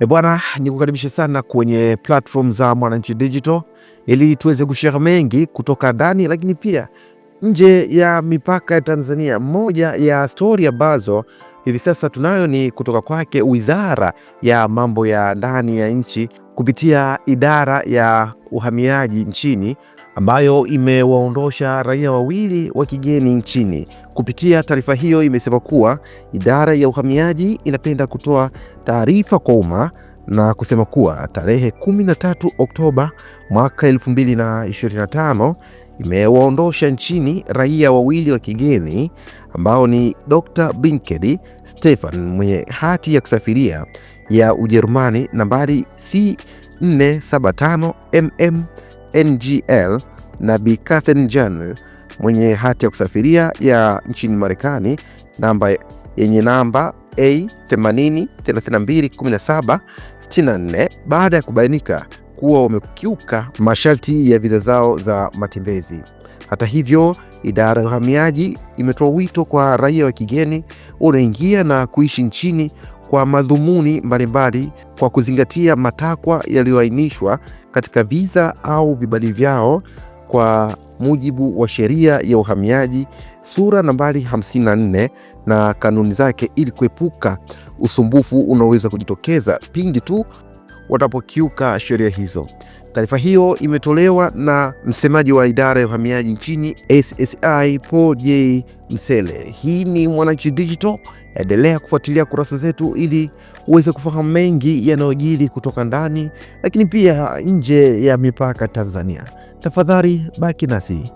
E bwana, nikukaribishe sana kwenye platform za Mwananchi Digital ili tuweze kushare mengi kutoka ndani lakini pia nje ya mipaka ya Tanzania. Moja ya stori ambazo hivi sasa tunayo ni kutoka kwake Wizara ya Mambo ya Ndani ya Nchi kupitia idara ya uhamiaji nchini ambayo imewaondosha raia wawili wa kigeni nchini. Kupitia taarifa hiyo, imesema kuwa idara ya uhamiaji inapenda kutoa taarifa kwa umma na kusema kuwa tarehe 13 Oktoba mwaka 2025 imewaondosha nchini raia wawili wa kigeni ambao ni Dr. Blinked Stefan mwenye hati ya kusafiria ya Ujerumani nambari C475mm NGL na Bi Catherine Janel mwenye hati ya kusafiria ya nchini Marekani namba yenye namba A80321764 baada ya kubainika kuwa wamekiuka masharti ya viza zao za matembezi. Hata hivyo, idara ya uhamiaji imetoa wito kwa raia wa kigeni unaingia na kuishi nchini kwa madhumuni mbalimbali kwa kuzingatia matakwa yaliyoainishwa katika viza au vibali vyao kwa mujibu wa sheria ya uhamiaji sura nambari 54 na kanuni zake, ili kuepuka usumbufu unaoweza kujitokeza pindi tu watapokiuka sheria hizo. Taarifa hiyo imetolewa na msemaji wa idara ya uhamiaji nchini SSI Paul J Msele. Hii ni Mwananchi Digital, endelea kufuatilia kurasa zetu ili uweze kufahamu mengi yanayojiri kutoka ndani, lakini pia nje ya mipaka Tanzania. Tafadhali baki nasi.